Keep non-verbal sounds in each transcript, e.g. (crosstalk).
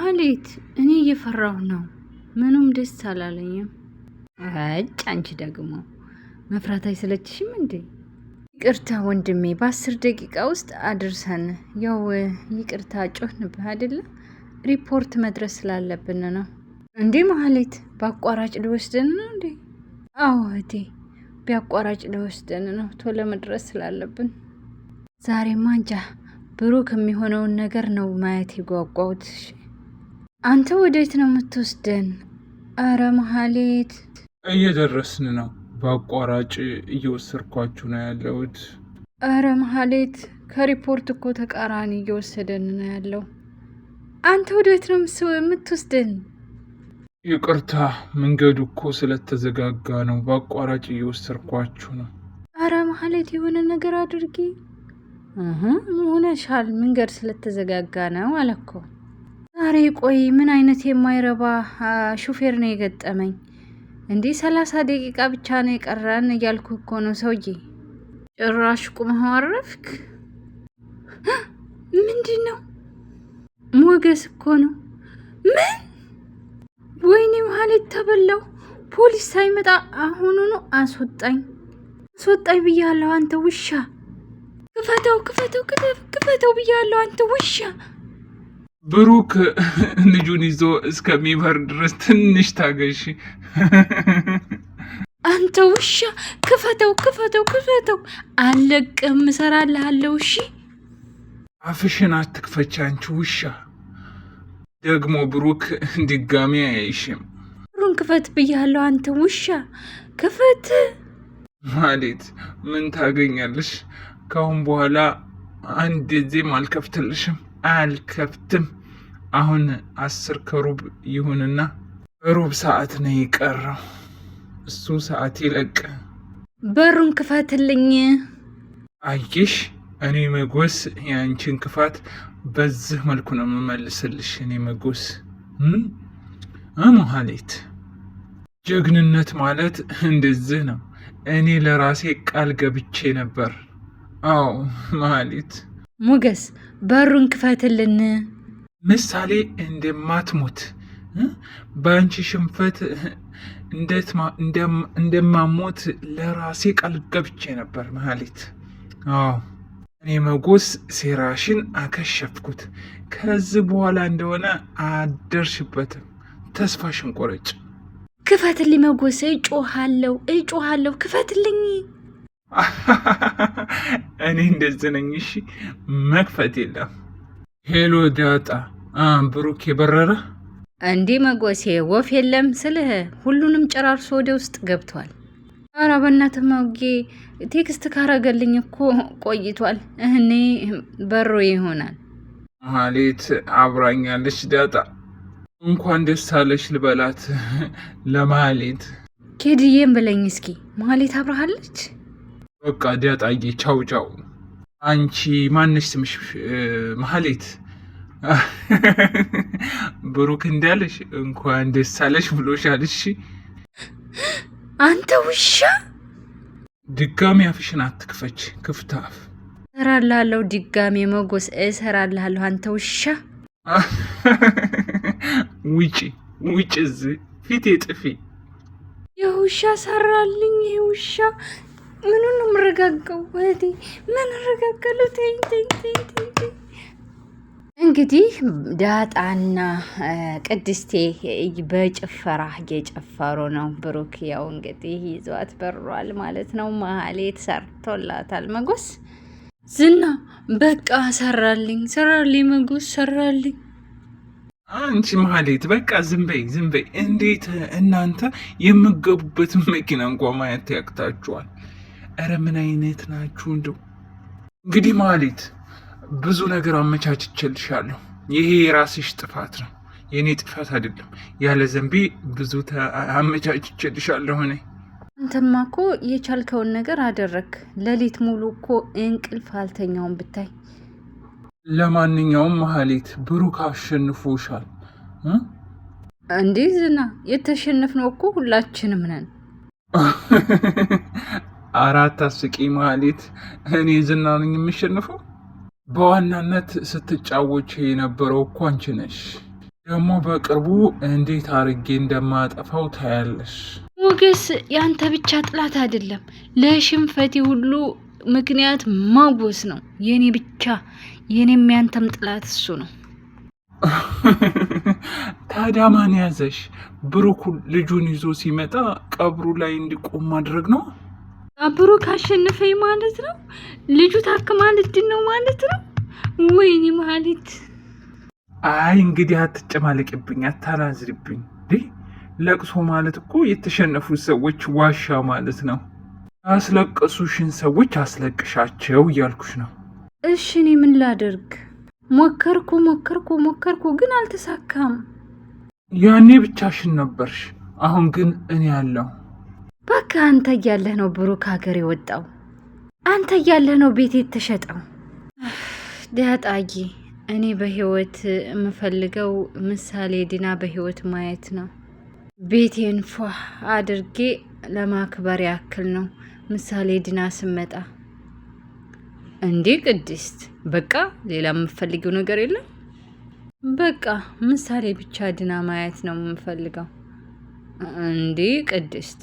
ማህሌት፣ እኔ እየፈራሁ ነው። ምኑም ደስ አላለኝም። እጭ አንቺ ደግሞ መፍራት አይሰለችሽም እንዴ? ይቅርታ ወንድሜ፣ በአስር ደቂቃ ውስጥ አድርሰን። ያው ይቅርታ ጮህንብህ አይደለ? ሪፖርት መድረስ ስላለብን ነው። እንዴ ማህሌት፣ በአቋራጭ ሊወስደን ነው እንዴ? አዎ እህቴ፣ ቢያቋራጭ ሊወስደን ነው። ቶሎ መድረስ ስላለብን ዛሬማ እንጃ ብሩክ የሚሆነውን ነገር ነው ማየት የጓጓሁት። አንተ ወዴት ነው የምትወስደን? አረ መሀሌት፣ እየደረስን ነው። በአቋራጭ እየወሰድኳችሁ ነው ያለሁት። አረ መሀሌት፣ ከሪፖርት እኮ ተቃራኒ እየወሰደን ነው ያለው። አንተ ወዴት ነው የምትወስደን? ይቅርታ፣ መንገዱ እኮ ስለተዘጋጋ ነው። በአቋራጭ እየወሰድኳችሁ ነው። አረ መሀሌት፣ የሆነ ነገር አድርጊ። ሆነሻል። መንገድ ስለተዘጋጋ ነው አለኮ። አሬ ቆይ ምን አይነት የማይረባ ሹፌር ነው የገጠመኝ እንዴ! ሰላሳ ደቂቃ ብቻ ነው የቀረን እያልኩ እኮ ነው። ሰውዬ ጭራሽ ቁመህ አረፍክ። ምንድን ነው ሞገስ እኮ ነው። ምን ወይኔ፣ ውሃ ተበላው። ፖሊስ ሳይመጣ አሁኑኑ አስወጣኝ፣ አስወጣኝ ብያለሁ አንተ ውሻ! ክፈተው፣ ክፈተው፣ ክፈተው ብያለሁ አንተ ውሻ! ብሩክ (laughs) ልጁን ይዞ እስከሚበር ድረስ ትንሽ ታገሽ። (laughs) አንተ ውሻ ክፈተው፣ ክፈተው፣ ክፈተው! አለቅም፣ እሰራልሃለሁ። እሺ አፍሽን አትክፈች አንቺ ውሻ። ደግሞ ብሩክ ድጋሚ አያይሽም። ብሩን ክፈት ብያለሁ። አንተ ውሻ ክፈት። ማሌት ምን ታገኛለሽ? ካሁን በኋላ አንድ ዜም አልከፍትልሽም። አልከፍትም። አሁን አስር ከሩብ ይሁንና ሩብ ሰዓት ነው የቀረው። እሱ ሰዓት ይለቅ። በሩን ክፈትልኝ። አየሽ፣ እኔ መጎስ የአንቺን ክፋት በዚህ መልኩ ነው የምመልስልሽ። እኔ መጎስ አመሀሌት ጀግንነት ማለት እንደዚህ ነው። እኔ ለራሴ ቃል ገብቼ ነበር። አዎ መሃሌት ሞገስ በሩን ክፈትልን። ምሳሌ እንደማትሞት በአንቺ ሽንፈት እንደማሞት ለራሴ ቃል ገብቼ ነበር። መሀሌት፣ አዎ እኔ መጎስ ሴራሽን አከሸፍኩት። ከዚህ በኋላ እንደሆነ አደርሽበትም። ተስፋሽን ቆረጭ። ክፈትልኝ መጎስ፣ እጮሃለሁ፣ እጮሃለሁ፣ ክፈትልኝ (laughs) እኔ እንደዚህ ነኝ። እሺ መክፈት የለም። ሄሎ ዳጣ፣ ብሩክ የበረረ እንዴ? መጎሴ ወፍ የለም ስልህ ሁሉንም ጨራርሶ ወደ ውስጥ ገብቷል። ኧረ በእናትህ መውጌ፣ ቴክስት ካረገልኝ እኮ ቆይቷል። እኔ በሮ ይሆናል። ማህሌት አብራኛለች። ዳጣ እንኳን ደስ አለሽ ልበላት ለማህሌት። ኬድዬም ብለኝ እስኪ ማህሌት አብረሃለች? በቃ ዲያጣዬ ቻው ቻው። አንቺ ማነሽ ስምሽ? ማህሌት (laughs) ብሩክ እንዳለሽ እንኳን ደስ አለሽ ብሎሻል። እሺ አንተ ውሻ፣ ድጋሚ አፍሽን አትክፈች። ክፍት አፍ እሰራልሃለሁ። ድጋሚ መጎስ እሰራልሃለሁ። አንተ ውሻ፣ (laughs) ውጪ ውጪ፣ እዚህ ፊቴ ጥፊ። የውሻ ሰራልኝ ይሄ ውሻ ምኑ ነው የምረጋጋው? ወዲ ምን ረጋጋሉ? ተይኝ ተይኝ ተይኝ ተይኝ። እንግዲህ ዳጣና ቅድስቴ በጭፈራ እየጨፈሩ ነው። ብሩክ ያው እንግዲህ ይዟት በሯል ማለት ነው። መሀሌት ሰርቶላታል መጎስ ዝና በቃ ሰራልኝ ሰራልኝ መጎስ ሰራልኝ። አንቺ መሀሌት በቃ ዝም በይ ዝም በይ። እንዴት እናንተ የምገቡበትን መኪና እንኳ ማየት ያቅታችኋል? እረ ምን አይነት ናችሁ? እንደው እንግዲህ ማለት ብዙ ነገር አመቻችቼልሻለሁ። ይሄ የራስሽ ጥፋት ነው፣ የእኔ ጥፋት አይደለም። ያለ ዘንቤ ብዙ አመቻችቼልሻለሁ እኔ አንተማ እኮ የቻልከውን ነገር አደረግ። ሌሊት ሙሉ እኮ እንቅልፍ አልተኛውን ብታይ። ለማንኛውም ማህሌት ብሩክ አሸንፎሻል። እንዴ ዝና፣ የተሸነፍነው እኮ ሁላችንም ነን። (laughs) አራት አስቂ መሀሌት እኔ ዝና ነኝ የምሸንፈው። በዋናነት ስትጫወች የነበረው እኮ አንቺ ነሽ። ደግሞ በቅርቡ እንዴት አርጌ እንደማጠፋው ታያለሽ። ሞገስ ያንተ ብቻ ጥላት አይደለም፣ ለሽንፈቴ ሁሉ ምክንያት ማጎስ ነው። የኔ ብቻ የኔም ያንተም ጥላት እሱ ነው። (laughs) ታዲያ ማን ያዘሽ? ብሩኩ ልጁን ይዞ ሲመጣ ቀብሩ ላይ እንዲቆም ማድረግ ነው። አብሮ አሸነፈኝ ማለት ነው። ልጁ ታክማ ልድን ነው ማለት ነው። ወይኔ ማለት አይ እንግዲህ አትጨማለቅብኝ፣ አታላዝርብኝ። ለቅሶ ማለት እኮ የተሸነፉ ሰዎች ዋሻ ማለት ነው። አስለቀሱሽን ሰዎች አስለቅሻቸው እያልኩሽ ነው። እሺ እኔ ምን ላደርግ? ሞከርኩ ሞከርኩ ሞከርኩ ግን አልተሳካም። ያኔ ብቻሽን ነበርሽ፣ አሁን ግን እኔ አለው። ለካ አንተ እያለህ ነው ብሩክ ሀገር የወጣው፣ አንተ እያለህ ነው ቤት የተሸጠው። ዳጣዬ፣ እኔ በህይወት የምፈልገው ምሳሌ ዲና በህይወት ማየት ነው። ቤቴን ፏ አድርጌ ለማክበር ያክል ነው ምሳሌ ዲና ስመጣ። እንዲህ ቅድስት፣ በቃ ሌላ የምፈልገው ነገር የለም። በቃ ምሳሌ ብቻ ዲና ማየት ነው የምፈልገው። እንዲህ ቅድስት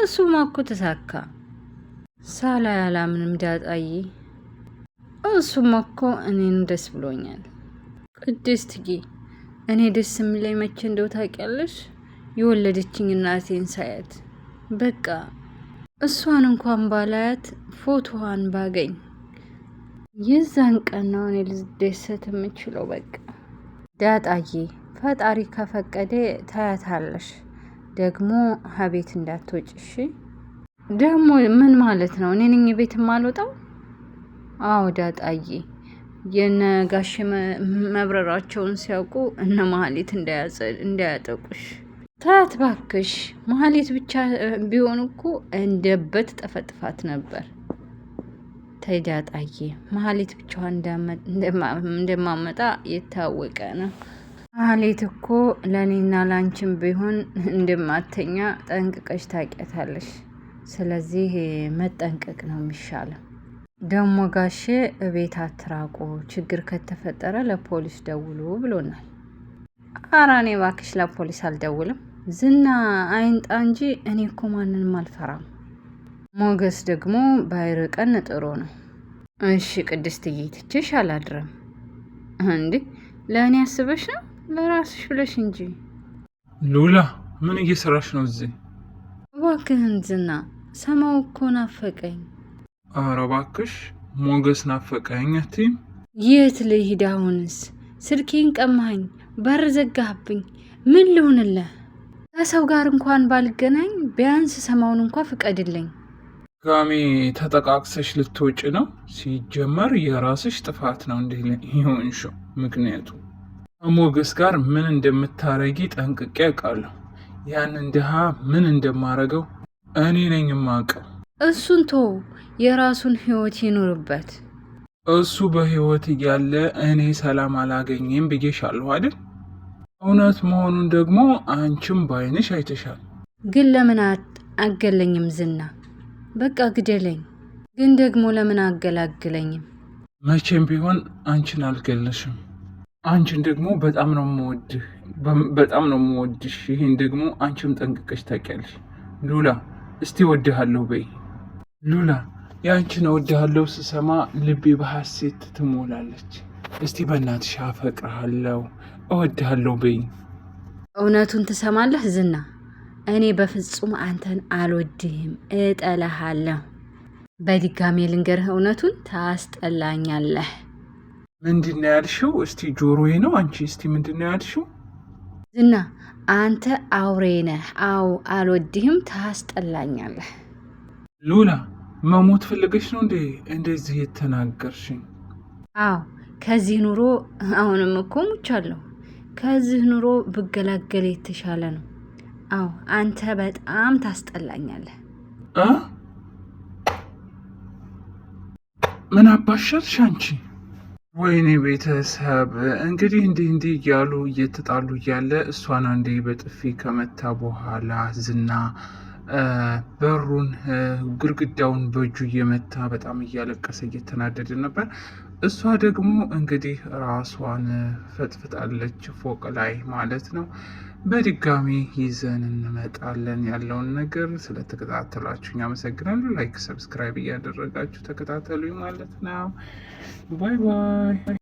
እሱማ እኮ ተሳካ። ሳላ ያላምንም ዳጣዬ፣ እሱማ እኮ እኔን ደስ ብሎኛል። ቅድስትዬ፣ እኔ ደስ የሚለኝ መቼ እንደው ታውቂያለሽ? የወለደችኝ እናቴን ሳያት በቃ እሷን እንኳን ባላያት ፎቶዋን ባገኝ የዛን ቀን ነው እኔ ልደሰት የምችለው። በቃ ዳጣዬ፣ ፈጣሪ ከፈቀደ ታያታለሽ። ደግሞ ከቤት እንዳትወጭ እሺ። ደግሞ ምን ማለት ነው? እኔ ነኝ ቤት የማልወጣው? አዎ ዳጣዬ፣ የነጋሽ መብረራቸውን ሲያውቁ እነ መሀሌት እንዳያጠቁሽ። ታት ባክሽ፣ መሀሌት ብቻ ቢሆን እኮ እንደበት ጠፈጥፋት ነበር። ተይ ዳጣዬ፣ መሀሌት ብቻዋን እንደማመጣ የታወቀ ነው። አሌት እኮ ለእኔና ላንቺም ቢሆን እንደማተኛ ጠንቅቀሽ ታውቂያታለሽ። ስለዚህ መጠንቀቅ ነው የሚሻለው። ደግሞ ጋሼ እቤት አትራቁ፣ ችግር ከተፈጠረ ለፖሊስ ደውሉ ብሎናል። ኧረ እኔ እባክሽ ለፖሊስ አልደውልም። ዝና አይንጣ እንጂ እኔ እኮ ማንንም አልፈራም። ሞገስ ደግሞ ባይርቀን ጥሩ ነው። እሺ ቅድስትዬ፣ ትቼሽ አላድርም። እንዲህ ለእኔ አስበሽ ነው ለራስሽ ብለሽ እንጂ። ሉላ ምን እየሰራሽ ነው እዚህ? እባክህን ዝና፣ ሰማው እኮ ናፈቀኝ። ኧረ እባክሽ ሞገስ ናፈቀኝ አትይም? የት ልሂድ አሁንስ? ስልኬን ቀማኸኝ፣ በር ዘጋህብኝ። ምን ልሁንልህ? ከሰው ጋር እንኳን ባልገናኝ ቢያንስ ሰማውን እንኳ ፍቀድልኝ። ጋሜ ተጠቃቅሰሽ ልትወጪ ነው? ሲጀመር የራስሽ ጥፋት ነው እንዲህ ይሆንሽው ምክንያቱ ከሞገስ ጋር ምን እንደምታረጊ ጠንቅቄ አውቃለሁ። ያንን ድሃ ምን እንደማረገው እኔ ነኝ የማውቀው። እሱን ተው፣ የራሱን ህይወት ይኑርበት። እሱ በህይወት እያለ እኔ ሰላም አላገኘም ብዬሻለሁ አይደል? እውነት መሆኑን ደግሞ አንቺም ባይንሽ አይተሻል። ግን ለምን አገለኝም? ዝና በቃ ግደለኝ፣ ግን ደግሞ ለምን አገላግለኝም? መቼም ቢሆን አንቺን አልገለሽም። አንቺን ደግሞ በጣም ነው የምወድህ፣ በጣም ነው የምወድሽ። ይህን ደግሞ አንቺም ጠንቅቀሽ ታውቂያለሽ። ሉላ እስቲ እወድሃለሁ በይ። ሉላ የአንቺን እወድሃለሁ ስሰማ ልቤ በሐሴት ትሞላለች። እስቲ በእናትሽ አፈቅርሃለሁ፣ እወድሃለሁ በይ። እውነቱን ትሰማለህ ዝና፣ እኔ በፍጹም አንተን አልወድህም፣ እጠላሃለሁ። በድጋሜ ልንገርህ፣ እውነቱን ታስጠላኛለህ። ምንድን ነው ያልሽው? እስቲ ጆሮዬ ነው። አንቺ እስቲ ምንድን ነው ያልሽው? ዝና አንተ አውሬ ነህ። አዎ አልወድህም፣ ታስጠላኛለህ። ሉላ መሞት ፈለገች ነው እንዴ እንደዚህ የተናገርሽኝ? አው ከዚህ ኑሮ አሁንም እኮ ሙቻለሁ። ከዚህ ኑሮ ብገላገል የተሻለ ነው። አው አንተ በጣም ታስጠላኛለህ። ምን አባሻልሽ አንቺ ወይኔ ቤተሰብ እንግዲህ እንዲህ እንዲህ እያሉ እየተጣሉ እያለ እሷን አንዴ በጥፊ ከመታ በኋላ ዝና በሩን ግድግዳውን በእጁ እየመታ በጣም እያለቀሰ እየተናደደ ነበር። እሷ ደግሞ እንግዲህ ራሷን ፈጥፍጣለች ፎቅ ላይ ማለት ነው። በድጋሚ ይዘን እንመጣለን። ያለውን ነገር ስለተከታተላችሁኝ አመሰግናለሁ። ላይክ፣ ሰብስክራይብ እያደረጋችሁ ተከታተሉኝ ማለት ነው። ባይ ባይ።